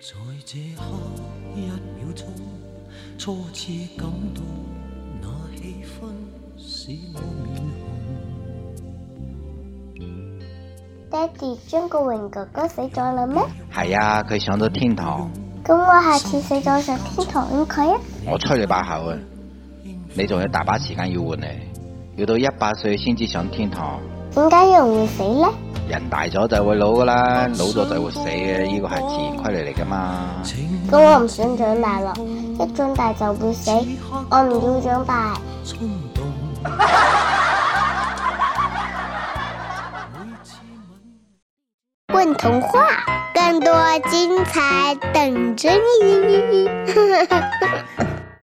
爹哋，張國榮哥哥死咗啦咩？係啊，佢上咗天堂。咁我下次死咗上天堂點計、嗯、啊？我吹你把口啊！你仲有大把時間要換你，要到一百歲先至上天堂。點解又會死呢？人大咗就會老㗎啦，老咗就會死嘅，呢個係自然規律嚟㗎嘛。咁、嗯、我唔想長大咯，一長大就會死，我唔要長大。 混童話，更多精彩等着你。